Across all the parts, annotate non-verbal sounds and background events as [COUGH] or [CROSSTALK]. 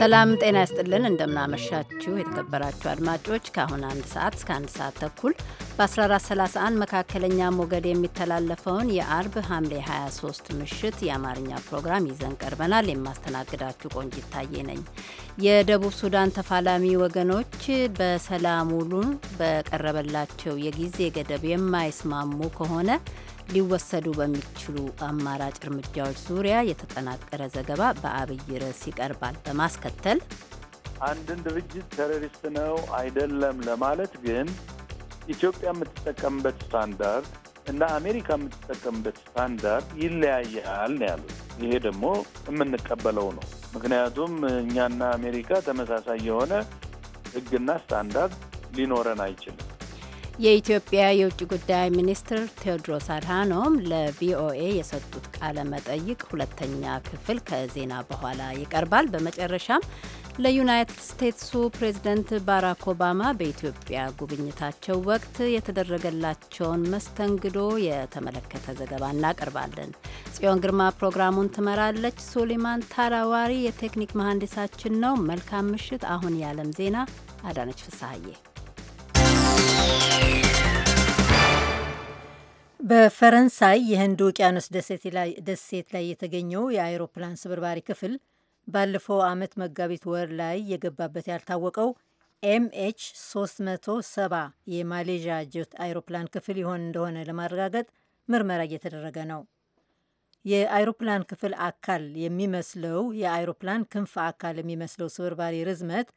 ሰላም ጤና ይስጥልን። እንደምናመሻችሁ የተከበራችሁ አድማጮች ከአሁን አንድ ሰዓት እስከ አንድ ሰዓት ተኩል በ1431 መካከለኛ ሞገድ የሚተላለፈውን የአርብ ሐምሌ 23 ምሽት የአማርኛ ፕሮግራም ይዘን ቀርበናል። የማስተናግዳችሁ ቆንጅ ይታየ ነኝ። የደቡብ ሱዳን ተፋላሚ ወገኖች በሰላም በቀረበላቸው የጊዜ ገደብ የማይስማሙ ከሆነ ሊወሰዱ በሚችሉ አማራጭ እርምጃዎች ዙሪያ የተጠናቀረ ዘገባ በአብይ ርዕስ ይቀርባል። በማስከተል አንድን ድርጅት ቴሮሪስት ነው አይደለም ለማለት ግን ኢትዮጵያ የምትጠቀምበት ስታንዳርድ እና አሜሪካ የምትጠቀምበት ስታንዳርድ ይለያያል ነው ያሉት። ይሄ ደግሞ የምንቀበለው ነው። ምክንያቱም እኛና አሜሪካ ተመሳሳይ የሆነ ሕግና ስታንዳርድ ሊኖረን አይችልም። የኢትዮጵያ የውጭ ጉዳይ ሚኒስትር ቴዎድሮስ አድሃኖም ለቪኦኤ የሰጡት ቃለ መጠይቅ ሁለተኛ ክፍል ከዜና በኋላ ይቀርባል። በመጨረሻም ለዩናይትድ ስቴትሱ ፕሬዝደንት ባራክ ኦባማ በኢትዮጵያ ጉብኝታቸው ወቅት የተደረገላቸውን መስተንግዶ የተመለከተ ዘገባ እናቀርባለን። ጽዮን ግርማ ፕሮግራሙን ትመራለች። ሱሊማን ታራዋሪ የቴክኒክ መሐንዲሳችን ነው። መልካም ምሽት። አሁን የዓለም ዜና አዳነች ፍሳሐዬ በፈረንሳይ የህንድ ውቅያኖስ ደሴት ላይ የተገኘው የአይሮፕላን ስብርባሪ ክፍል ባለፈው ዓመት መጋቢት ወር ላይ የገባበት ያልታወቀው ኤምኤች 370 የማሌዥያ ጄት አይሮፕላን ክፍል ይሆን እንደሆነ ለማረጋገጥ ምርመራ እየተደረገ ነው። የአይሮፕላን ክፍል አካል የሚመስለው የአይሮፕላን ክንፍ አካል የሚመስለው ስብርባሪ ርዝመት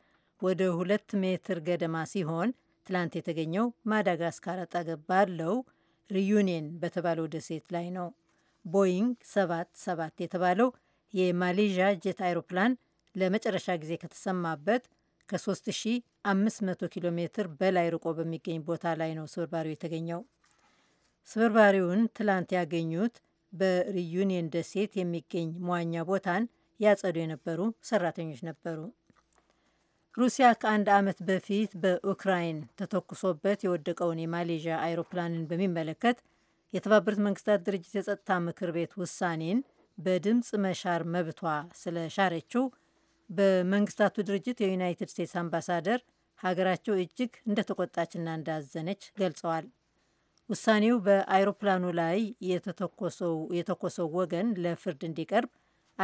ወደ ሁለት ሜትር ገደማ ሲሆን ትላንት የተገኘው ማዳጋስካር አጠገብ ባለው ሪዩኒየን በተባለው ደሴት ላይ ነው። ቦይንግ 77 የተባለው የማሌዥያ ጀት አይሮፕላን ለመጨረሻ ጊዜ ከተሰማበት ከ3500 ኪሎ ሜትር በላይ ርቆ በሚገኝ ቦታ ላይ ነው ስብርባሪው የተገኘው። ስብርባሪውን ትላንት ያገኙት በሪዩኒየን ደሴት የሚገኝ መዋኛ ቦታን ያጸዱ የነበሩ ሰራተኞች ነበሩ። ሩሲያ ከአንድ ዓመት በፊት በኡክራይን ተተኩሶበት የወደቀውን የማሌዥያ አይሮፕላንን በሚመለከት የተባበሩት መንግስታት ድርጅት የጸጥታ ምክር ቤት ውሳኔን በድምፅ መሻር መብቷ ስለሻረችው በመንግስታቱ ድርጅት የዩናይትድ ስቴትስ አምባሳደር ሀገራቸው እጅግ እንደተቆጣችና እንዳዘነች ገልጸዋል። ውሳኔው በአይሮፕላኑ ላይ የተኮሰው ወገን ለፍርድ እንዲቀርብ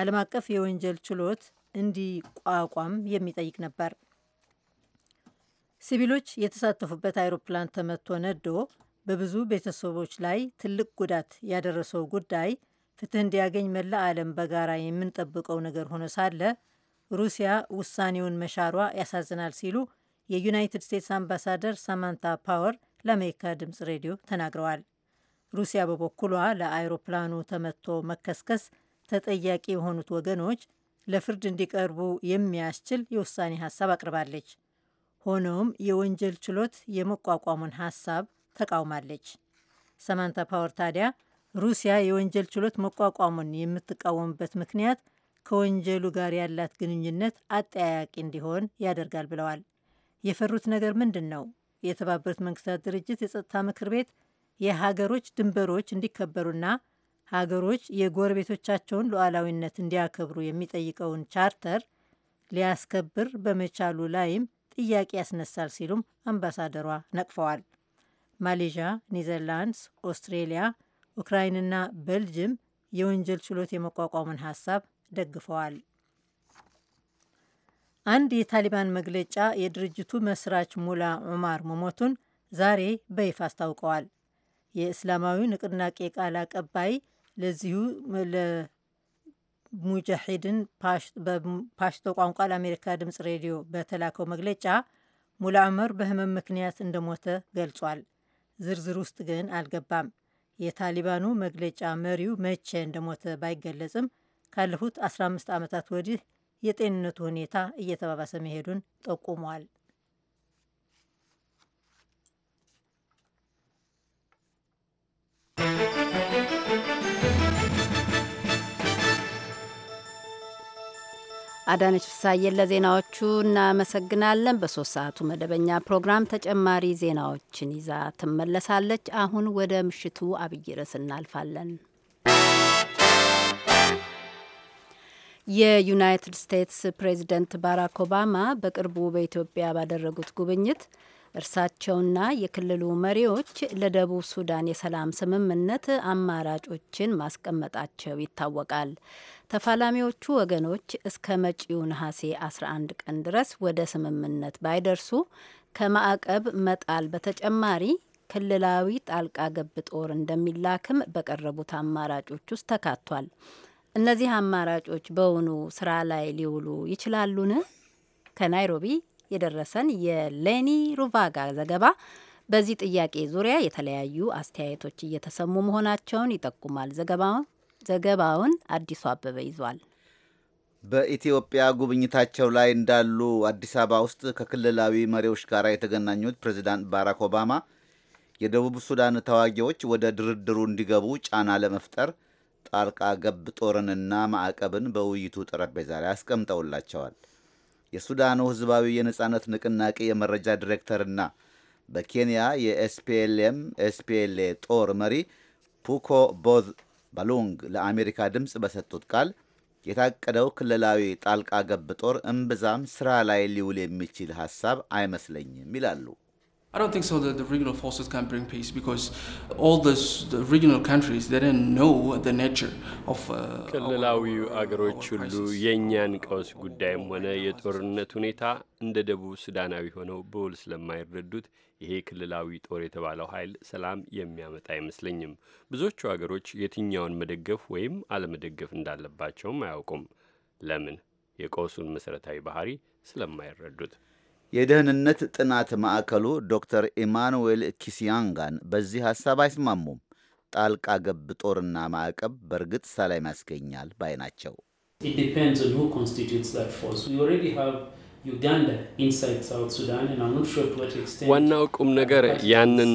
ዓለም አቀፍ የወንጀል ችሎት እንዲቋቋም የሚጠይቅ ነበር። ሲቪሎች የተሳተፉበት አይሮፕላን ተመቶ ነዶ በብዙ ቤተሰቦች ላይ ትልቅ ጉዳት ያደረሰው ጉዳይ ፍትህ እንዲያገኝ መላ ዓለም በጋራ የምንጠብቀው ነገር ሆኖ ሳለ ሩሲያ ውሳኔውን መሻሯ ያሳዝናል ሲሉ የዩናይትድ ስቴትስ አምባሳደር ሳማንታ ፓወር ለአሜሪካ ድምፅ ሬዲዮ ተናግረዋል። ሩሲያ በበኩሏ ለአይሮፕላኑ ተመቶ መከስከስ ተጠያቂ የሆኑት ወገኖች ለፍርድ እንዲቀርቡ የሚያስችል የውሳኔ ሀሳብ አቅርባለች። ሆኖም የወንጀል ችሎት የመቋቋሙን ሀሳብ ተቃውማለች። ሰማንታ ፓወር ታዲያ ሩሲያ የወንጀል ችሎት መቋቋሙን የምትቃወምበት ምክንያት ከወንጀሉ ጋር ያላት ግንኙነት አጠያያቂ እንዲሆን ያደርጋል ብለዋል። የፈሩት ነገር ምንድን ነው? የተባበሩት መንግስታት ድርጅት የጸጥታ ምክር ቤት የሀገሮች ድንበሮች እንዲከበሩና ሀገሮች የጎረቤቶቻቸውን ሉዓላዊነት እንዲያከብሩ የሚጠይቀውን ቻርተር ሊያስከብር በመቻሉ ላይም ጥያቄ ያስነሳል ሲሉም አምባሳደሯ ነቅፈዋል። ማሌዥያ፣ ኔዘርላንድስ፣ ኦስትሬሊያ፣ ኡክራይንና ቤልጅም የወንጀል ችሎት የመቋቋሙን ሀሳብ ደግፈዋል። አንድ የታሊባን መግለጫ የድርጅቱ መስራች ሙላ ዑማር መሞቱን ዛሬ በይፋ አስታውቀዋል። የእስላማዊ ንቅናቄ ቃል አቀባይ ለዚሁ ለሙጃሂድን ፓሽቶ ቋንቋ ለአሜሪካ ድምፅ ሬዲዮ በተላከው መግለጫ ሙላ ዑመር በህመም ምክንያት እንደሞተ ገልጿል። ዝርዝር ውስጥ ግን አልገባም። የታሊባኑ መግለጫ መሪው መቼ እንደሞተ ባይገለጽም ካለፉት 15 ዓመታት ወዲህ የጤንነቱ ሁኔታ እየተባባሰ መሄዱን ጠቁሟል። አዳነች ፍሳዬን ለዜናዎቹ እናመሰግናለን። በሶስት ሰዓቱ መደበኛ ፕሮግራም ተጨማሪ ዜናዎችን ይዛ ትመለሳለች። አሁን ወደ ምሽቱ አብይ ርዕስ እናልፋለን። የዩናይትድ ስቴትስ ፕሬዚደንት ባራክ ኦባማ በቅርቡ በኢትዮጵያ ባደረጉት ጉብኝት እርሳቸውና የክልሉ መሪዎች ለደቡብ ሱዳን የሰላም ስምምነት አማራጮችን ማስቀመጣቸው ይታወቃል። ተፋላሚዎቹ ወገኖች እስከ መጪው ነሐሴ 11 ቀን ድረስ ወደ ስምምነት ባይደርሱ ከማዕቀብ መጣል በተጨማሪ ክልላዊ ጣልቃ ገብ ጦር እንደሚላክም በቀረቡት አማራጮች ውስጥ ተካቷል። እነዚህ አማራጮች በውኑ ስራ ላይ ሊውሉ ይችላሉን? ከናይሮቢ የደረሰን የሌኒ ሩቫጋ ዘገባ በዚህ ጥያቄ ዙሪያ የተለያዩ አስተያየቶች እየተሰሙ መሆናቸውን ይጠቁማል። ዘገባውን አዲሱ አበበ ይዟል። በኢትዮጵያ ጉብኝታቸው ላይ እንዳሉ አዲስ አበባ ውስጥ ከክልላዊ መሪዎች ጋር የተገናኙት ፕሬዚዳንት ባራክ ኦባማ የደቡብ ሱዳን ተዋጊዎች ወደ ድርድሩ እንዲገቡ ጫና ለመፍጠር ጣልቃ ገብ ጦርንና ማዕቀብን በውይይቱ ጠረጴዛ ላይ አስቀምጠውላቸዋል። የሱዳኑ ህዝባዊ የነጻነት ንቅናቄ የመረጃ ዲሬክተርና በኬንያ የኤስፒኤልኤም ኤስፒኤልኤ ጦር መሪ ፑኮ ቦዝ ባሉንግ ለአሜሪካ ድምፅ በሰጡት ቃል የታቀደው ክልላዊ ጣልቃ ገብ ጦር እምብዛም ስራ ላይ ሊውል የሚችል ሀሳብ አይመስለኝም ይላሉ። I don't think so that the regional forces can bring peace because all this, the regional countries they don't know the nature of uh, ክልላዊ አገሮች ሁሉ የእኛን ቀውስ ጉዳይም ሆነ የጦርነት ሁኔታ እንደ ደቡብ ሱዳናዊ ሆነው በውል ስለማይረዱት ይሄ ክልላዊ ጦር የተባለው ኃይል ሰላም የሚያመጣ አይመስለኝም። ብዙዎቹ አገሮች የትኛውን መደገፍ ወይም አለመደገፍ እንዳለባቸውም አያውቁም። ለምን? የቀውሱን መሠረታዊ ባህሪ ስለማይረዱት። የደህንነት ጥናት ማዕከሉ ዶክተር ኢማኑዌል ኪሲያንጋን በዚህ ሐሳብ አይስማሙም። ጣልቃ ገብ ጦርና ማዕቀብ በእርግጥ ሰላም ያስገኛል ባይ ናቸው። ዋናው ቁም ነገር ያንን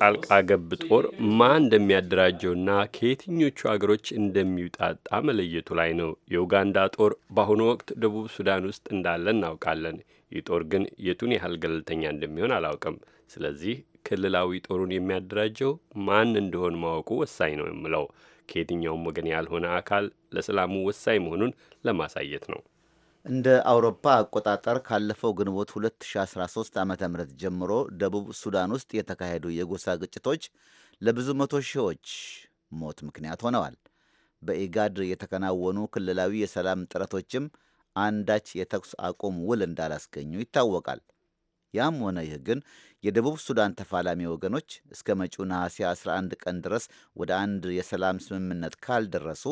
ጣልቃ ገብ ጦር ማን እንደሚያደራጀውና ከየትኞቹ አገሮች እንደሚውጣጣ መለየቱ ላይ ነው። የኡጋንዳ ጦር በአሁኑ ወቅት ደቡብ ሱዳን ውስጥ እንዳለ እናውቃለን። ይህ ጦር ግን የቱን ያህል ገለልተኛ እንደሚሆን አላውቅም። ስለዚህ ክልላዊ ጦሩን የሚያደራጀው ማን እንደሆን ማወቁ ወሳኝ ነው የምለው ከየትኛውም ወገን ያልሆነ አካል ለሰላሙ ወሳኝ መሆኑን ለማሳየት ነው። እንደ አውሮፓ አቆጣጠር ካለፈው ግንቦት 2013 ዓ ም ጀምሮ ደቡብ ሱዳን ውስጥ የተካሄዱ የጎሳ ግጭቶች ለብዙ መቶ ሺዎች ሞት ምክንያት ሆነዋል። በኢጋድ የተከናወኑ ክልላዊ የሰላም ጥረቶችም አንዳች የተኩስ አቁም ውል እንዳላስገኙ ይታወቃል። ያም ሆነ ይህ ግን የደቡብ ሱዳን ተፋላሚ ወገኖች እስከ መጪው ነሐሴ 11 ቀን ድረስ ወደ አንድ የሰላም ስምምነት ካልደረሱ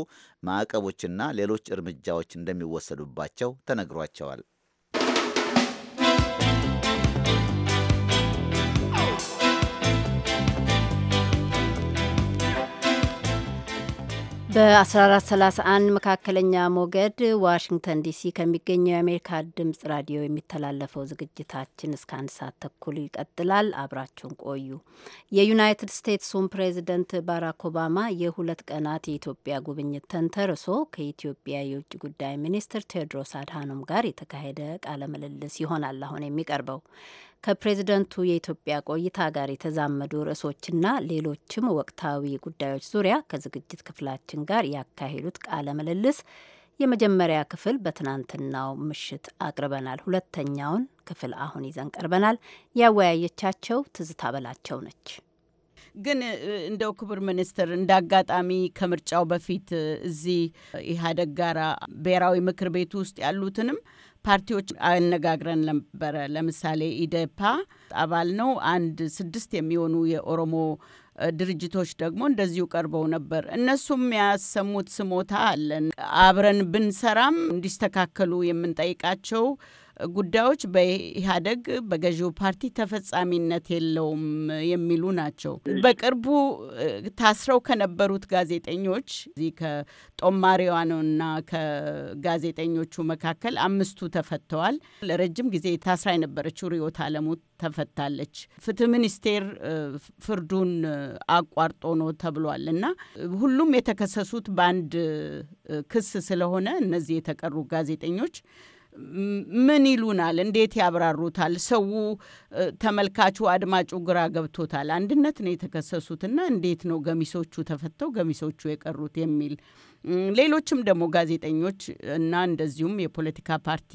ማዕቀቦችና ሌሎች እርምጃዎች እንደሚወሰዱባቸው ተነግሯቸዋል። በ1431 መካከለኛ ሞገድ ዋሽንግተን ዲሲ ከሚገኘው የአሜሪካ ድምጽ ራዲዮ የሚተላለፈው ዝግጅታችን እስከ አንድ ሰዓት ተኩል ይቀጥላል። አብራችሁን ቆዩ። የዩናይትድ ስቴትሱን ፕሬዚደንት ባራክ ኦባማ የሁለት ቀናት የኢትዮጵያ ጉብኝት ተንተርሶ ከኢትዮጵያ የውጭ ጉዳይ ሚኒስትር ቴዎድሮስ አድሃኖም ጋር የተካሄደ ቃለ ምልልስ ይሆናል አሁን የሚቀርበው። ከፕሬዝደንቱ የኢትዮጵያ ቆይታ ጋር የተዛመዱ ርዕሶችና ሌሎችም ወቅታዊ ጉዳዮች ዙሪያ ከዝግጅት ክፍላችን ጋር ያካሄዱት ቃለ ምልልስ የመጀመሪያ ክፍል በትናንትናው ምሽት አቅርበናል። ሁለተኛውን ክፍል አሁን ይዘን ቀርበናል። ያወያየቻቸው ትዝታ በላቸው ነች። ግን እንደው ክቡር ሚኒስትር እንደ አጋጣሚ ከምርጫው በፊት እዚህ ኢህአዴግ ጋራ ብሔራዊ ምክር ቤት ውስጥ ያሉትንም ፓርቲዎች አነጋግረን ነበረ። ለምሳሌ ኢዴፓ አባል ነው። አንድ ስድስት የሚሆኑ የኦሮሞ ድርጅቶች ደግሞ እንደዚሁ ቀርበው ነበር። እነሱም ያሰሙት ስሞታ አለን። አብረን ብንሰራም እንዲስተካከሉ የምንጠይቃቸው ጉዳዮች በኢህአደግ በገዢው ፓርቲ ተፈጻሚነት የለውም የሚሉ ናቸው። በቅርቡ ታስረው ከነበሩት ጋዜጠኞች እዚህ ከጦማሪዋንና ከጋዜጠኞቹ መካከል አምስቱ ተፈተዋል። ለረጅም ጊዜ ታስራ የነበረችው ሪዮት አለሙ ተፈታለች። ፍትህ ሚኒስቴር ፍርዱን አቋርጦ ነው ተብሏል እና ሁሉም የተከሰሱት በአንድ ክስ ስለሆነ እነዚህ የተቀሩ ጋዜጠኞች ምን ይሉናል? እንዴት ያብራሩታል? ሰው ተመልካቹ፣ አድማጩ ግራ ገብቶታል። አንድነት ነው የተከሰሱትና እንዴት ነው ገሚሶቹ ተፈተው ገሚሶቹ የቀሩት የሚል ሌሎችም ደግሞ ጋዜጠኞች እና እንደዚሁም የፖለቲካ ፓርቲ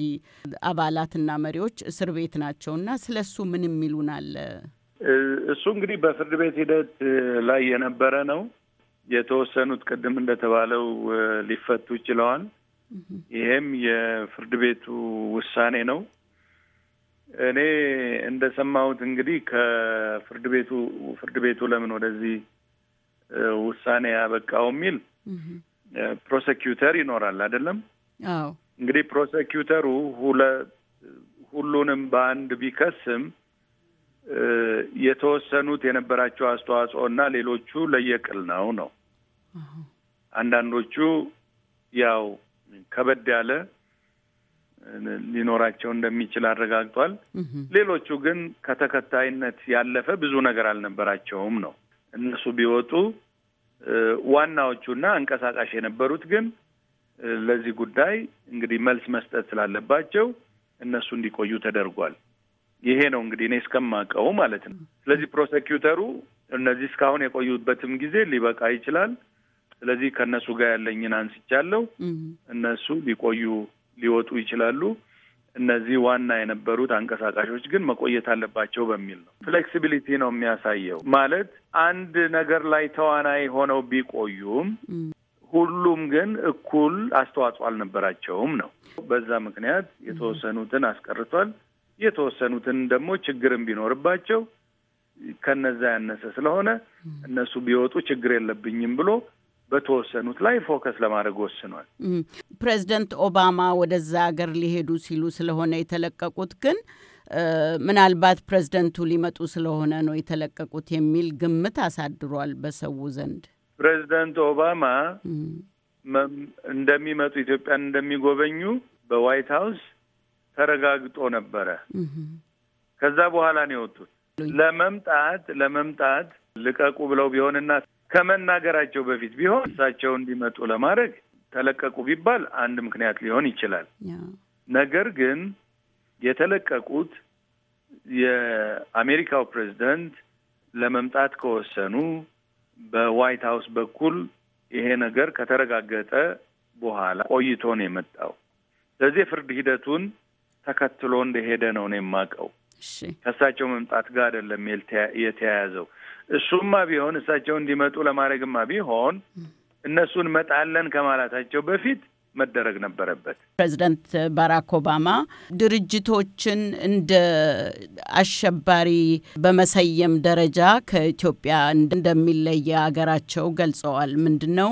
አባላትና መሪዎች እስር ቤት ናቸውና ስለሱ ምን አለ? እሱ እንግዲህ በፍርድ ቤት ሂደት ላይ የነበረ ነው። የተወሰኑት ቅድም እንደተባለው ሊፈቱ ይችለዋል። ይሄም የፍርድ ቤቱ ውሳኔ ነው። እኔ እንደሰማሁት እንግዲህ ከፍርድ ቤቱ ፍርድ ቤቱ ለምን ወደዚህ ውሳኔ ያበቃው የሚል ፕሮሰኪዩተር ይኖራል አይደለም? አዎ። እንግዲህ ፕሮሰኪዩተሩ ሁሉንም በአንድ ቢከስም የተወሰኑት የነበራቸው አስተዋጽኦ እና ሌሎቹ ለየቅል ነው ነው አንዳንዶቹ ያው ከበድ ያለ ሊኖራቸው እንደሚችል አረጋግጧል። ሌሎቹ ግን ከተከታይነት ያለፈ ብዙ ነገር አልነበራቸውም ነው። እነሱ ቢወጡ ዋናዎቹና አንቀሳቃሽ የነበሩት ግን ለዚህ ጉዳይ እንግዲህ መልስ መስጠት ስላለባቸው እነሱ እንዲቆዩ ተደርጓል። ይሄ ነው እንግዲህ እኔ እስከማውቀው ማለት ነው። ስለዚህ ፕሮሰኪውተሩ እነዚህ እስካሁን የቆዩበትም ጊዜ ሊበቃ ይችላል ስለዚህ ከእነሱ ጋር ያለኝን አንስቻለሁ። እነሱ ሊቆዩ ሊወጡ ይችላሉ። እነዚህ ዋና የነበሩት አንቀሳቃሾች ግን መቆየት አለባቸው በሚል ነው። ፍሌክሲቢሊቲ ነው የሚያሳየው። ማለት አንድ ነገር ላይ ተዋናይ ሆነው ቢቆዩም ሁሉም ግን እኩል አስተዋጽኦ አልነበራቸውም ነው። በዛ ምክንያት የተወሰኑትን አስቀርቷል። የተወሰኑትን ደግሞ ችግርም ቢኖርባቸው ከነዛ ያነሰ ስለሆነ እነሱ ቢወጡ ችግር የለብኝም ብሎ በተወሰኑት ላይ ፎከስ ለማድረግ ወስኗል። ፕሬዚደንት ኦባማ ወደዛ ሀገር ሊሄዱ ሲሉ ስለሆነ የተለቀቁት ግን ምናልባት ፕሬዚደንቱ ሊመጡ ስለሆነ ነው የተለቀቁት የሚል ግምት አሳድሯል በሰው ዘንድ። ፕሬዚደንት ኦባማ እንደሚመጡ ኢትዮጵያን እንደሚጎበኙ በዋይት ሀውስ ተረጋግጦ ነበረ። ከዛ በኋላ ነው የወጡት። ለመምጣት ለመምጣት ልቀቁ ብለው ቢሆንና ከመናገራቸው በፊት ቢሆን እሳቸው እንዲመጡ ለማድረግ ተለቀቁ ቢባል አንድ ምክንያት ሊሆን ይችላል። ነገር ግን የተለቀቁት የአሜሪካው ፕሬዚደንት ለመምጣት ከወሰኑ በዋይት ሀውስ በኩል ይሄ ነገር ከተረጋገጠ በኋላ ቆይቶ ነው የመጣው። ስለዚህ የፍርድ ሂደቱን ተከትሎ እንደሄደ ነው ነው የማውቀው። ከእሳቸው መምጣት ጋር አይደለም የተያያዘው። እሱማ ቢሆን እሳቸው እንዲመጡ ለማድረግማ ቢሆን እነሱን መጣለን ከማላታቸው በፊት መደረግ ነበረበት። ፕሬዚደንት ባራክ ኦባማ ድርጅቶችን እንደ አሸባሪ በመሰየም ደረጃ ከኢትዮጵያ እንደሚለየ አገራቸው ገልጸዋል። ምንድን ነው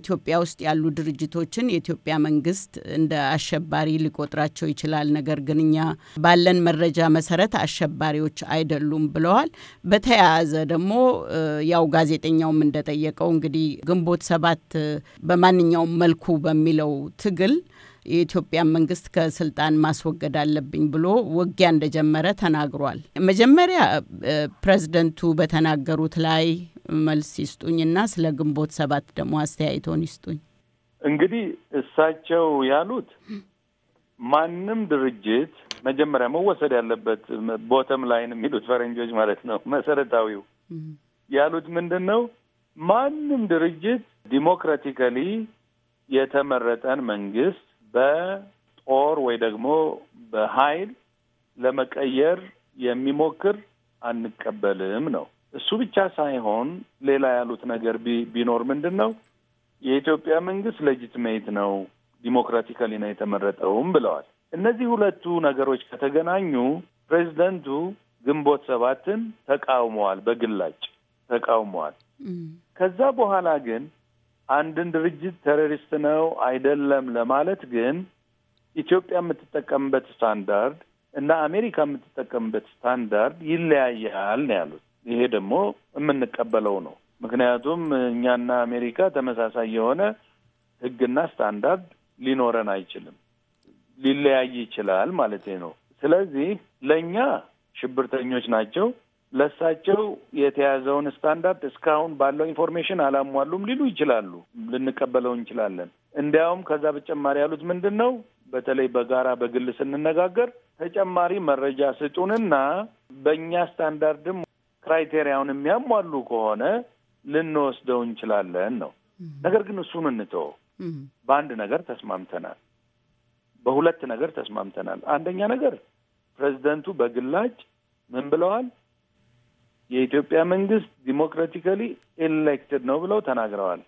ኢትዮጵያ ውስጥ ያሉ ድርጅቶችን የኢትዮጵያ መንግስት እንደ አሸባሪ ሊቆጥራቸው ይችላል። ነገር ግን እኛ ባለን መረጃ መሰረት አሸባሪዎች አይደሉም ብለዋል። በተያያዘ ደግሞ ያው ጋዜጠኛውም እንደጠየቀው እንግዲህ ግንቦት ሰባት በማንኛውም መልኩ በሚለው ትግል የኢትዮጵያ መንግስት ከስልጣን ማስወገድ አለብኝ ብሎ ውጊያ እንደጀመረ ተናግሯል። መጀመሪያ ፕሬዝደንቱ በተናገሩት ላይ መልስ ይስጡኝና ስለ ግንቦት ሰባት ደግሞ አስተያየቶን ይስጡኝ። እንግዲህ እሳቸው ያሉት ማንም ድርጅት መጀመሪያ መወሰድ ያለበት ቦተም ላይን የሚሉት ፈረንጆች ማለት ነው። መሰረታዊው ያሉት ምንድን ነው? ማንም ድርጅት ዲሞክራቲካሊ የተመረጠን መንግስት በጦር ወይ ደግሞ በኃይል ለመቀየር የሚሞክር አንቀበልም ነው። እሱ ብቻ ሳይሆን ሌላ ያሉት ነገር ቢኖር ምንድን ነው የኢትዮጵያ መንግስት ሌጂትሜት ነው ዲሞክራቲካሊ ነው የተመረጠውም ብለዋል። እነዚህ ሁለቱ ነገሮች ከተገናኙ ፕሬዚደንቱ ግንቦት ሰባትን ተቃውመዋል፣ በግላጭ ተቃውመዋል። ከዛ በኋላ ግን አንድን ድርጅት ቴሮሪስት ነው አይደለም ለማለት ግን ኢትዮጵያ የምትጠቀምበት ስታንዳርድ እና አሜሪካ የምትጠቀምበት ስታንዳርድ ይለያያል ነው ያሉት። ይሄ ደግሞ የምንቀበለው ነው። ምክንያቱም እኛና አሜሪካ ተመሳሳይ የሆነ ህግና ስታንዳርድ ሊኖረን አይችልም። ሊለያይ ይችላል ማለት ነው። ስለዚህ ለእኛ ሽብርተኞች ናቸው፣ ለሳቸው የተያዘውን ስታንዳርድ እስካሁን ባለው ኢንፎርሜሽን አላሟሉም ሊሉ ይችላሉ። ልንቀበለው እንችላለን። እንዲያውም ከዛ በተጨማሪ ያሉት ምንድን ነው? በተለይ በጋራ በግል ስንነጋገር ተጨማሪ መረጃ ስጡንና በእኛ ስታንዳርድም ክራይቴሪያውን የሚያሟሉ ከሆነ ልንወስደው እንችላለን ነው። ነገር ግን እሱን እንተው። በአንድ ነገር ተስማምተናል፣ በሁለት ነገር ተስማምተናል። አንደኛ ነገር ፕሬዚደንቱ በግላጭ ምን ብለዋል? የኢትዮጵያ መንግስት ዲሞክራቲካሊ ኤሌክትድ ነው ብለው ተናግረዋል።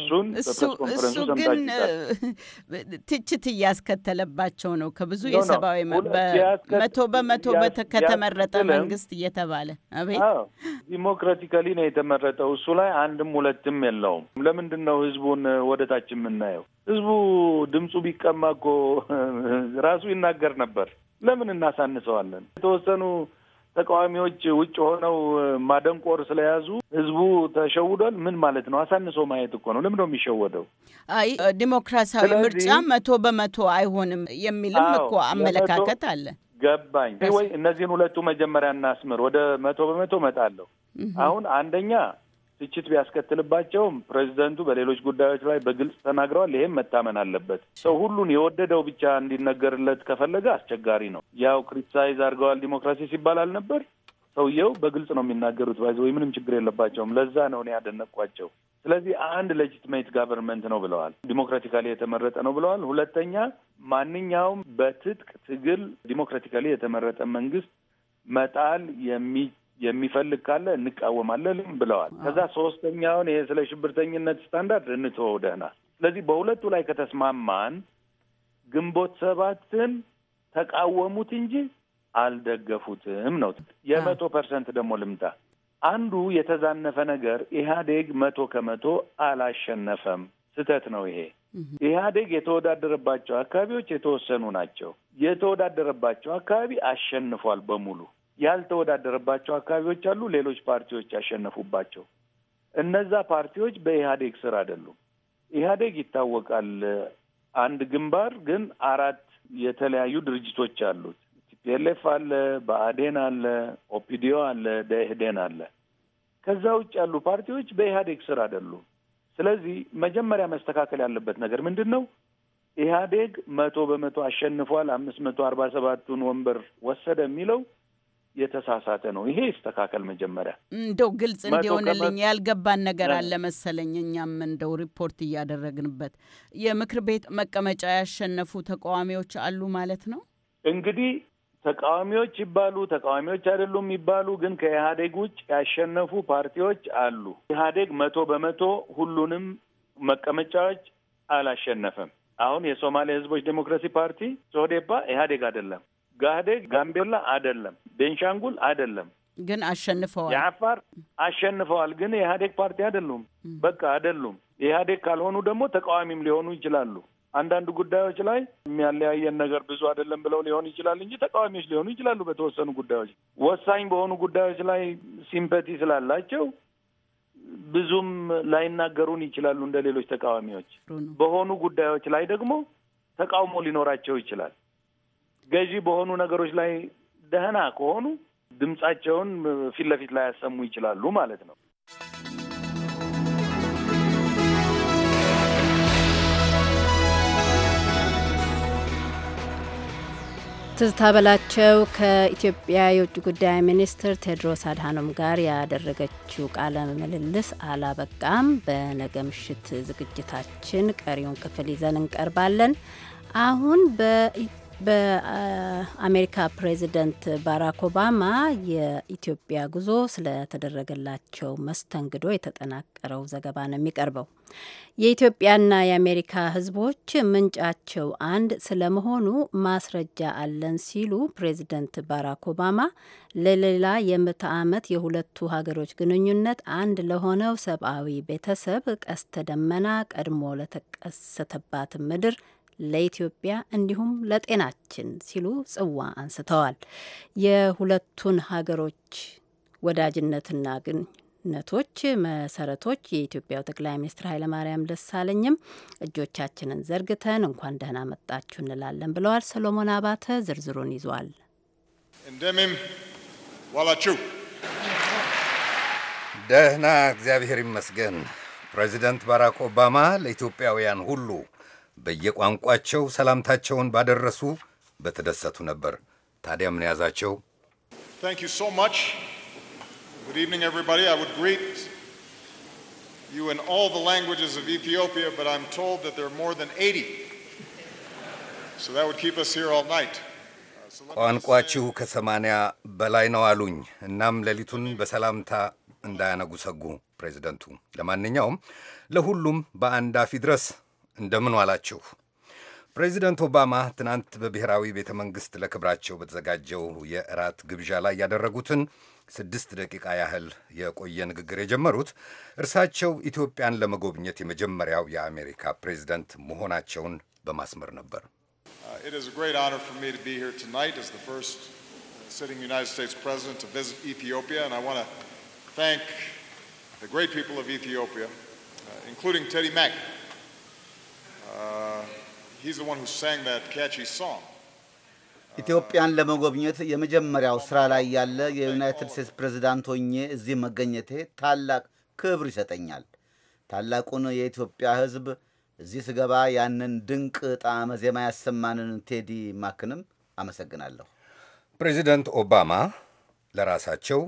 እሱን እሱ ግን [LAUGHS] ትችት እያስከተለባቸው ነው ከብዙ የሰብአዊ መቶ በመቶ ከተመረጠ መንግስት እየተባለ አቤት ዲሞክራቲካሊ ነው የተመረጠው። እሱ ላይ አንድም ሁለትም የለውም። ለምንድን ነው ህዝቡን ወደ ታች የምናየው? ህዝቡ ድምፁ ቢቀማ እኮ [LAUGHS] ራሱ ይናገር ነበር። ለምን እናሳንሰዋለን? የተወሰኑ ተቃዋሚዎች ውጭ ሆነው ማደንቆር ስለያዙ ህዝቡ ተሸውዷል። ምን ማለት ነው? አሳንሶ ማየት እኮ ነው። ለምንድነው የሚሸወደው? አይ ዲሞክራሲያዊ ምርጫ መቶ በመቶ አይሆንም የሚልም እኮ አመለካከት አለ። ገባኝ ወይ? እነዚህን ሁለቱ መጀመሪያ እናስምር። ወደ መቶ በመቶ መጣለሁ አሁን አንደኛ ትችት ቢያስከትልባቸውም ፕሬዚደንቱ በሌሎች ጉዳዮች ላይ በግልጽ ተናግረዋል። ይሄም መታመን አለበት። ሰው ሁሉን የወደደው ብቻ እንዲነገርለት ከፈለገ አስቸጋሪ ነው። ያው ክሪቲሳይዝ አድርገዋል ዲሞክራሲ ሲባል አልነበር? ሰውየው በግልጽ ነው የሚናገሩት። ባይዘ ወይ ምንም ችግር የለባቸውም። ለዛ ነው እኔ ያደነቅኳቸው። ስለዚህ አንድ ሌጂትሜት ጋቨርንመንት ነው ብለዋል። ዲሞክራቲካሊ የተመረጠ ነው ብለዋል። ሁለተኛ ማንኛውም በትጥቅ ትግል ዲሞክራቲካሊ የተመረጠ መንግስት መጣል የሚ የሚፈልግ ካለ እንቃወማለንም ብለዋል። ከዛ ሶስተኛውን ይሄ ስለ ሽብርተኝነት ስታንዳርድ እንተወው ስለዚህ በሁለቱ ላይ ከተስማማን ግንቦት ሰባትን ተቃወሙት እንጂ አልደገፉትም ነው። የመቶ ፐርሰንት ደግሞ ልምጣ። አንዱ የተዛነፈ ነገር ኢህአዴግ መቶ ከመቶ አላሸነፈም። ስህተት ነው ይሄ። ኢህአዴግ የተወዳደረባቸው አካባቢዎች የተወሰኑ ናቸው። የተወዳደረባቸው አካባቢ አሸንፏል በሙሉ። ያልተወዳደረባቸው አካባቢዎች አሉ፣ ሌሎች ፓርቲዎች ያሸነፉባቸው። እነዛ ፓርቲዎች በኢህአዴግ ስር አይደሉም። ኢህአዴግ ይታወቃል። አንድ ግንባር ግን አራት የተለያዩ ድርጅቶች አሉት። ቲፒኤልኤፍ አለ፣ ብአዴን አለ፣ ኦፒዲዮ አለ፣ ደኢህዴን አለ። ከዛ ውጭ ያሉ ፓርቲዎች በኢህአዴግ ስር አይደሉም። ስለዚህ መጀመሪያ መስተካከል ያለበት ነገር ምንድን ነው? ኢህአዴግ መቶ በመቶ አሸንፏል፣ አምስት መቶ አርባ ሰባቱን ወንበር ወሰደ የሚለው የተሳሳተ ነው። ይሄ ይስተካከል። መጀመሪያ እንደው ግልጽ እንዲሆንልኝ ያልገባን ነገር አለ መሰለኝ። እኛም እንደው ሪፖርት እያደረግንበት የምክር ቤት መቀመጫ ያሸነፉ ተቃዋሚዎች አሉ ማለት ነው። እንግዲህ ተቃዋሚዎች ይባሉ ተቃዋሚዎች አይደሉም ይባሉ፣ ግን ከኢህአዴግ ውጭ ያሸነፉ ፓርቲዎች አሉ። ኢህአዴግ መቶ በመቶ ሁሉንም መቀመጫዎች አላሸነፈም። አሁን የሶማሌ ህዝቦች ዴሞክራሲ ፓርቲ ሶዴፓ ኢህአዴግ አይደለም ጋህደ ጋምቤላ አይደለም፣ ቤንሻንጉል አይደለም፣ ግን አሸንፈዋል። የአፋር አሸንፈዋል፣ ግን የኢህአዴግ ፓርቲ አይደሉም። በቃ አይደሉም። የኢህአዴግ ካልሆኑ ደግሞ ተቃዋሚም ሊሆኑ ይችላሉ። አንዳንድ ጉዳዮች ላይ የሚያለያየን ነገር ብዙ አይደለም ብለው ሊሆን ይችላል እንጂ ተቃዋሚዎች ሊሆኑ ይችላሉ። በተወሰኑ ጉዳዮች ወሳኝ በሆኑ ጉዳዮች ላይ ሲምፐቲ ስላላቸው ብዙም ላይናገሩን ይችላሉ እንደ ሌሎች ተቃዋሚዎች። በሆኑ ጉዳዮች ላይ ደግሞ ተቃውሞ ሊኖራቸው ይችላል። ገዢ በሆኑ ነገሮች ላይ ደህና ከሆኑ ድምጻቸውን ፊት ለፊት ላይ ያሰሙ ይችላሉ ማለት ነው። ትዝታ በላቸው ከኢትዮጵያ የውጭ ጉዳይ ሚኒስትር ቴዎድሮስ አድሃኖም ጋር ያደረገችው ቃለ ምልልስ አላበቃም። በነገ ምሽት ዝግጅታችን ቀሪውን ክፍል ይዘን እንቀርባለን። አሁን በ በአሜሪካ ፕሬዚደንት ባራክ ኦባማ የኢትዮጵያ ጉዞ ስለተደረገላቸው መስተንግዶ የተጠናቀረው ዘገባ ነው የሚቀርበው። የኢትዮጵያና የአሜሪካ ሕዝቦች ምንጫቸው አንድ ስለመሆኑ ማስረጃ አለን ሲሉ ፕሬዚደንት ባራክ ኦባማ ለሌላ የምዕተ ዓመት የሁለቱ ሀገሮች ግንኙነት አንድ ለሆነው ሰብአዊ ቤተሰብ ቀስተ ደመና ቀድሞ ለተቀሰተባት ምድር ለኢትዮጵያ እንዲሁም ለጤናችን ሲሉ ጽዋ አንስተዋል። የሁለቱን ሀገሮች ወዳጅነትና ግንኙነቶች መሰረቶች የኢትዮጵያው ጠቅላይ ሚኒስትር ኃይለማርያም ደሳለኝም እጆቻችንን ዘርግተን እንኳን ደህና መጣችሁ እንላለን ብለዋል። ሰሎሞን አባተ ዝርዝሩን ይዟል። እንደምን ዋላችሁ? ደህና፣ እግዚአብሔር ይመስገን። ፕሬዚደንት ባራክ ኦባማ ለኢትዮጵያውያን ሁሉ በየቋንቋቸው ሰላምታቸውን ባደረሱ በተደሰቱ ነበር። ታዲያ ምን ያዛቸው? ቋንቋችሁ ከሰማንያ በላይ ነው አሉኝ። እናም ሌሊቱን በሰላምታ እንዳያነጉሰጉ ፕሬዚደንቱ። ለማንኛውም ለሁሉም በአንድ አፊ ድረስ እንደምን ዋላችሁ። ፕሬዚደንት ኦባማ ትናንት በብሔራዊ ቤተ መንግሥት ለክብራቸው በተዘጋጀው የእራት ግብዣ ላይ ያደረጉትን ስድስት ደቂቃ ያህል የቆየ ንግግር የጀመሩት እርሳቸው ኢትዮጵያን ለመጎብኘት የመጀመሪያው የአሜሪካ ፕሬዚደንት መሆናቸውን በማስመር ነበር። ኢትዮጵያ uh, Uh, ኢትዮጵያን ለመጎብኘት የመጀመሪያው ስራ ላይ ያለ የዩናይትድ ስቴትስ ፕሬዝዳንት ሆኜ እዚህ መገኘቴ ታላቅ ክብር ይሰጠኛል። ታላቁን የኢትዮጵያ ሕዝብ እዚህ ስገባ ያንን ድንቅ ጣዕመ ዜማ ያሰማንን ቴዲ ማክንም አመሰግናለሁ። ፕሬዚደንት ኦባማ ለራሳቸው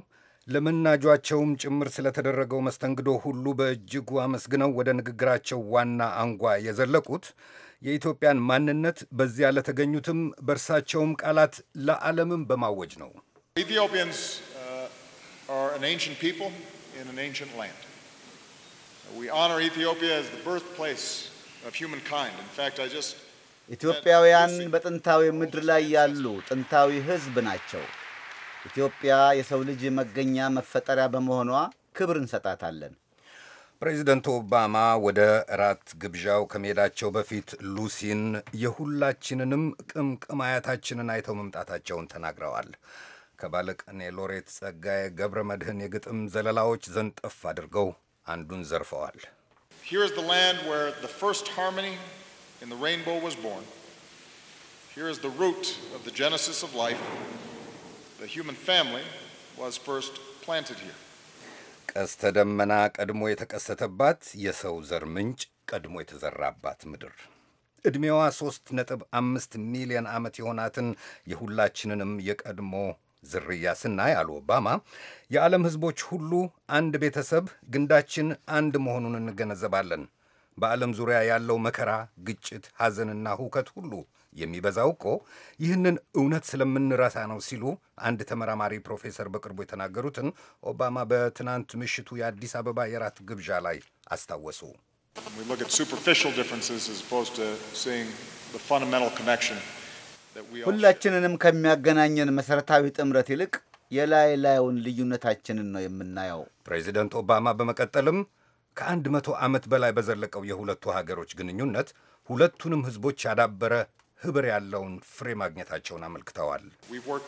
ለመናጇቸውም ጭምር ስለተደረገው መስተንግዶ ሁሉ በእጅጉ አመስግነው ወደ ንግግራቸው ዋና አንጓ የዘለቁት የኢትዮጵያን ማንነት በዚያ ለተገኙትም በእርሳቸውም ቃላት ለዓለምም በማወጅ ነው። uh, ኢትዮጵያውያን በጥንታዊ ምድር ላይ ያሉ ጥንታዊ ሕዝብ ናቸው። ኢትዮጵያ የሰው ልጅ መገኛ መፈጠሪያ በመሆኗ ክብር እንሰጣታለን። ፕሬዚደንት ኦባማ ወደ እራት ግብዣው ከመሄዳቸው በፊት ሉሲን የሁላችንንም ቅምቅም አያታችንን አይተው መምጣታቸውን ተናግረዋል። ከባለቅኔ ሎሬት ጸጋዬ ገብረ መድህን የግጥም ዘለላዎች ዘንጠፍ አድርገው አንዱን ዘርፈዋል። Here is the land where the first harmony in the rainbow was born. Here is the root of the genesis of life. The human family was first planted here. ቀስተ ደመና ቀድሞ የተቀሰተባት የሰው ዘር ምንጭ ቀድሞ የተዘራባት ምድር ዕድሜዋ ሦስት ነጥብ አምስት ሚሊዮን ዓመት የሆናትን የሁላችንንም የቀድሞ ዝርያ ስናይ አሉ ኦባማ፣ የዓለም ሕዝቦች ሁሉ አንድ ቤተሰብ፣ ግንዳችን አንድ መሆኑን እንገነዘባለን። በዓለም ዙሪያ ያለው መከራ፣ ግጭት፣ ሐዘንና ሁከት ሁሉ የሚበዛው እኮ ይህንን እውነት ስለምንረሳ ነው ሲሉ አንድ ተመራማሪ ፕሮፌሰር በቅርቡ የተናገሩትን ኦባማ በትናንት ምሽቱ የአዲስ አበባ የራት ግብዣ ላይ አስታወሱ። ሁላችንንም ከሚያገናኘን መሠረታዊ ጥምረት ይልቅ የላይ ላዩን ልዩነታችንን ነው የምናየው። ፕሬዚደንት ኦባማ በመቀጠልም ከአንድ መቶ ዓመት በላይ በዘለቀው የሁለቱ ሀገሮች ግንኙነት ሁለቱንም ህዝቦች ያዳበረ ህብር ያለውን ፍሬ ማግኘታቸውን አመልክተዋል። uh,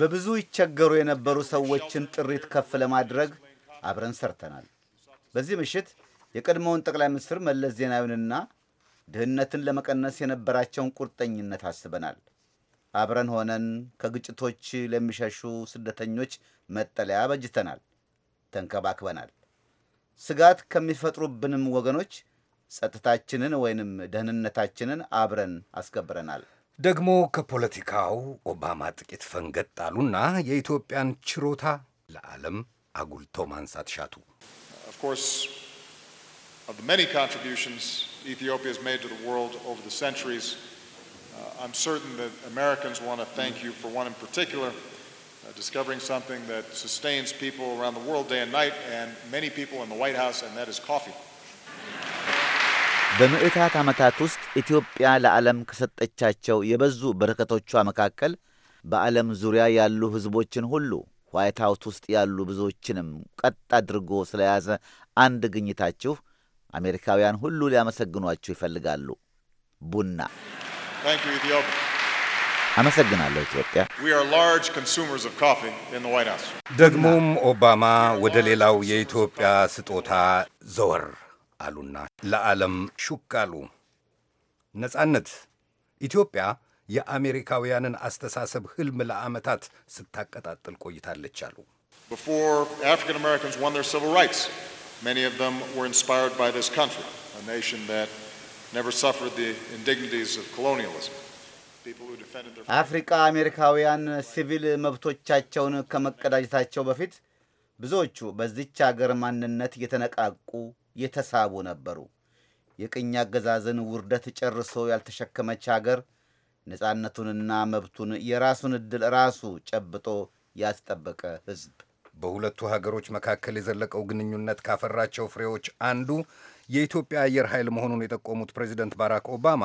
በብዙ ይቸገሩ የነበሩ ሰዎችን ጥሪት ከፍ ለማድረግ አብረን ሰርተናል። በዚህ ምሽት የቀድሞውን ጠቅላይ ሚኒስትር መለስ ዜናዊንና ድህነትን ለመቀነስ የነበራቸውን ቁርጠኝነት አስበናል። አብረን ሆነን ከግጭቶች ለሚሸሹ ስደተኞች መጠለያ በጅተናል፣ ተንከባክበናል። ስጋት ከሚፈጥሩብንም ወገኖች ጸጥታችንን ወይንም ደህንነታችንን አብረን አስከብረናል። ደግሞ ከፖለቲካው ኦባማ ጥቂት ፈንገጥ አሉና የኢትዮጵያን ችሮታ ለዓለም አጉልተው ማንሳት ሻቱ። Ethiopia has made to the world over the centuries. Uh, I'm certain that Americans want to thank you for one in particular, uh, discovering something that sustains people around the world day and night, and many people in the White House, and that is coffee. በምዕታት ዓመታት ውስጥ ኢትዮጵያ ለዓለም ከሰጠቻቸው የበዙ በረከቶቿ መካከል በዓለም ዙሪያ ያሉ ሕዝቦችን ሁሉ ዋይት ሀውስ ውስጥ ያሉ ብዙዎችንም ቀጥ አድርጎ ስለያዘ አንድ ግኝታችሁ አሜሪካውያን ሁሉ ሊያመሰግኗችሁ ይፈልጋሉ። ቡና አመሰግናለሁ ኢትዮጵያ። ደግሞም ኦባማ ወደ ሌላው የኢትዮጵያ ስጦታ ዘወር አሉና ለዓለም ሹክ አሉ። ነጻነት ኢትዮጵያ የአሜሪካውያንን አስተሳሰብ ህልም ለዓመታት ስታቀጣጥል ቆይታለች አሉ። Many of them were inspired by this country, a nation that never suffered the indignities of colonialism. አፍሪካ አሜሪካውያን ሲቪል መብቶቻቸውን ከመቀዳጀታቸው በፊት ብዙዎቹ በዚች አገር ማንነት የተነቃቁ የተሳቡ ነበሩ። የቅኝ አገዛዝን ውርደት ጨርሶ ያልተሸከመች አገር ነፃነቱንና መብቱን የራሱን ዕድል ራሱ ጨብጦ ያስጠበቀ ሕዝብ በሁለቱ ሀገሮች መካከል የዘለቀው ግንኙነት ካፈራቸው ፍሬዎች አንዱ የኢትዮጵያ አየር ኃይል መሆኑን የጠቆሙት ፕሬዚደንት ባራክ ኦባማ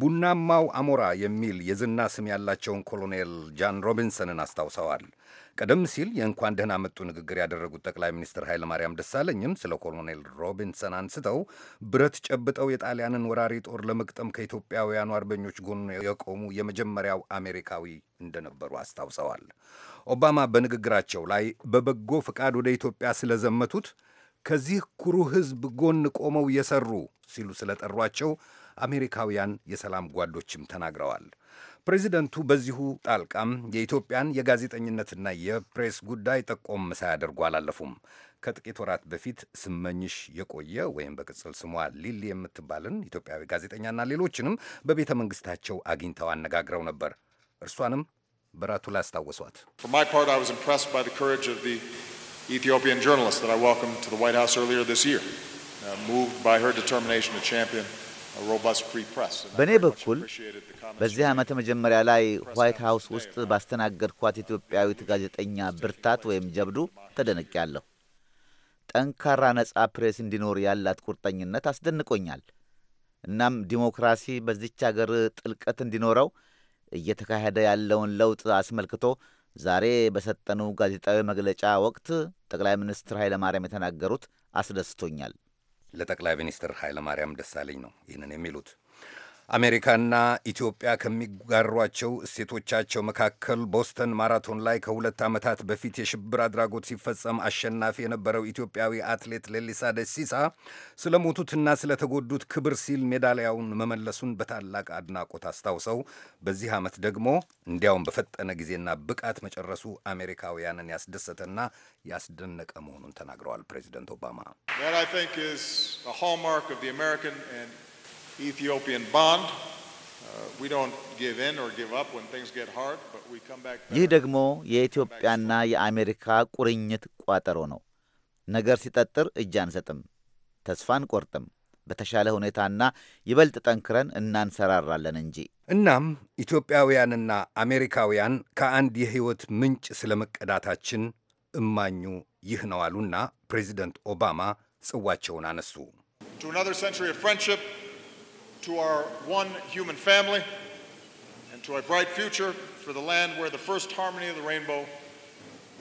ቡናማው አሞራ የሚል የዝና ስም ያላቸውን ኮሎኔል ጃን ሮቢንሰንን አስታውሰዋል። ቀደም ሲል የእንኳን ደህና መጡ ንግግር ያደረጉት ጠቅላይ ሚኒስትር ኃይለማርያም ደሳለኝም ስለ ኮሎኔል ሮቢንሰን አንስተው ብረት ጨብጠው የጣሊያንን ወራሪ ጦር ለመግጠም ከኢትዮጵያውያኑ አርበኞች ጎን የቆሙ የመጀመሪያው አሜሪካዊ እንደነበሩ አስታውሰዋል። ኦባማ በንግግራቸው ላይ በበጎ ፈቃድ ወደ ኢትዮጵያ ስለዘመቱት ከዚህ ኩሩ ሕዝብ ጎን ቆመው የሰሩ ሲሉ ስለጠሯቸው አሜሪካውያን የሰላም ጓዶችም ተናግረዋል። ፕሬዚደንቱ በዚሁ ጣልቃም የኢትዮጵያን የጋዜጠኝነትና የፕሬስ ጉዳይ ጠቆም ሳያደርጉ አላለፉም። ከጥቂት ወራት በፊት ስመኝሽ የቆየ ወይም በቅጽል ስሟ ሊሊ የምትባልን ኢትዮጵያዊ ጋዜጠኛና ሌሎችንም በቤተ መንግስታቸው አግኝተው አነጋግረው ነበር። እርሷንም በራቱ ላይ አስታወሷት። ኢትዮጵያን ጆርናሊስት ዋልም ዋይት ሃውስ ር ስ ር ሙቭድ ባይ ሄር ዲተርሚኔሽን በእኔ በኩል በዚህ ዓመት መጀመሪያ ላይ ዋይት ሃውስ ውስጥ ባስተናገድኳት ኢትዮጵያዊት ጋዜጠኛ ብርታት ወይም ጀብዱ ተደንቄያለሁ። ጠንካራ ነጻ ፕሬስ እንዲኖር ያላት ቁርጠኝነት አስደንቆኛል። እናም ዲሞክራሲ በዚች አገር ጥልቀት እንዲኖረው እየተካሄደ ያለውን ለውጥ አስመልክቶ ዛሬ በሰጠኑ ጋዜጣዊ መግለጫ ወቅት ጠቅላይ ሚኒስትር ኃይለማርያም የተናገሩት አስደስቶኛል። ለጠቅላይ ሚኒስትር ኃይለማርያም ደሳለኝ ነው ይህንን የሚሉት። አሜሪካና ኢትዮጵያ ከሚጋሯቸው እሴቶቻቸው መካከል ቦስተን ማራቶን ላይ ከሁለት ዓመታት በፊት የሽብር አድራጎት ሲፈጸም አሸናፊ የነበረው ኢትዮጵያዊ አትሌት ሌሊሳ ደሲሳ ስለ ሞቱትና ስለ ተጎዱት ክብር ሲል ሜዳሊያውን መመለሱን በታላቅ አድናቆት አስታውሰው በዚህ ዓመት ደግሞ እንዲያውም በፈጠነ ጊዜና ብቃት መጨረሱ አሜሪካውያንን ያስደሰተና ያስደነቀ መሆኑን ተናግረዋል ፕሬዚደንት ኦባማ Uh, ይህ ደግሞ የኢትዮጵያና የአሜሪካ ቁርኝት ቋጠሮ ነው። ነገር ሲጠጥር እጅ አንሰጥም፣ ተስፋ አንቆርጥም። በተሻለ ሁኔታና ይበልጥ ጠንክረን እናንሰራራለን እንጂ። እናም ኢትዮጵያውያንና አሜሪካውያን ከአንድ የሕይወት ምንጭ ስለ መቀዳታችን እማኙ ይህ ነው አሉና ፕሬዚደንት ኦባማ ጽዋቸውን አነሱ። to our one human family and to a bright future for the land where the first harmony of the rainbow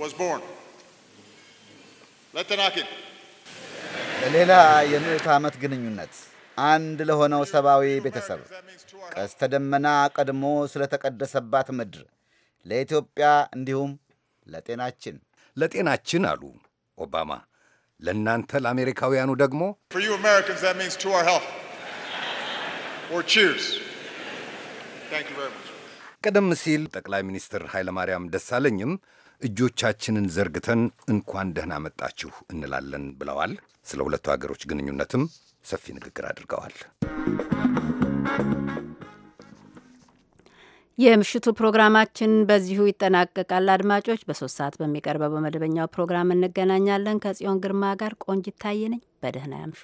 was born. let the knock in. ሌላ የምዕት ዓመት ግንኙነት አንድ ለሆነው ሰብአዊ ቤተሰብ ቀስተ ደመና ቀድሞ ስለተቀደሰባት ምድር ለኢትዮጵያ እንዲሁም ለጤናችን ለጤናችን አሉ ኦባማ። ለእናንተ ለአሜሪካውያኑ ደግሞ ቀደም ሲል ጠቅላይ ሚኒስትር ኃይለማርያም ደሳለኝም እጆቻችንን ዘርግተን እንኳን ደህና መጣችሁ እንላለን ብለዋል። ስለ ሁለቱ ሀገሮች ግንኙነትም ሰፊ ንግግር አድርገዋል። የምሽቱ ፕሮግራማችን በዚሁ ይጠናቀቃል። አድማጮች፣ በሶስት ሰዓት በሚቀርበው በመደበኛው ፕሮግራም እንገናኛለን። ከጽዮን ግርማ ጋር ቆንጅት ታየ በደህና ያምሹ።